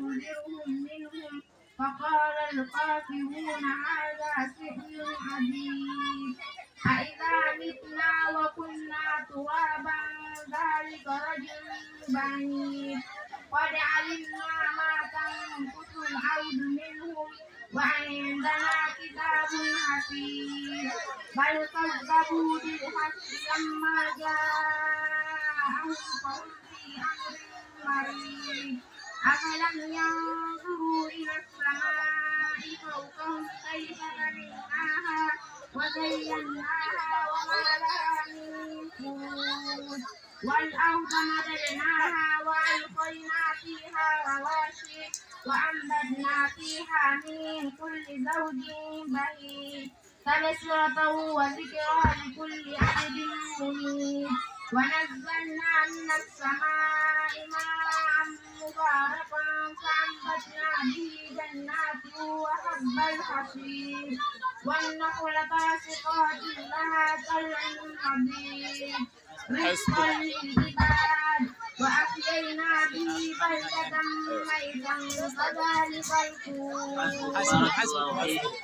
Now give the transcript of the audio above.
منهم فقال القافرون هذا سحر عجيب أإذا متنا وكنا ترابا ذلك رجل بعيد قد علمنا ما تنقص الأرض منهم وعندنا كتاب حفيظ بل كذبوا بالحق لما جاءهم فهم في أمر مريض أفلم ينظروا إلى السماء فوقهم كيف بنيناها وزيناها وما لها من فروج والأرض مددناها وألقينا فيها رواشي وأنبتنا فيها من كل زوج بهيج تبصرة وذكرى لكل عبد منيب ونزلنا من السماء فأنبتنا به جنات وحب والنخل باسقات لها طلع حديد رزقا للعباد وأحيينا به بلدة ميتا كذلك الكون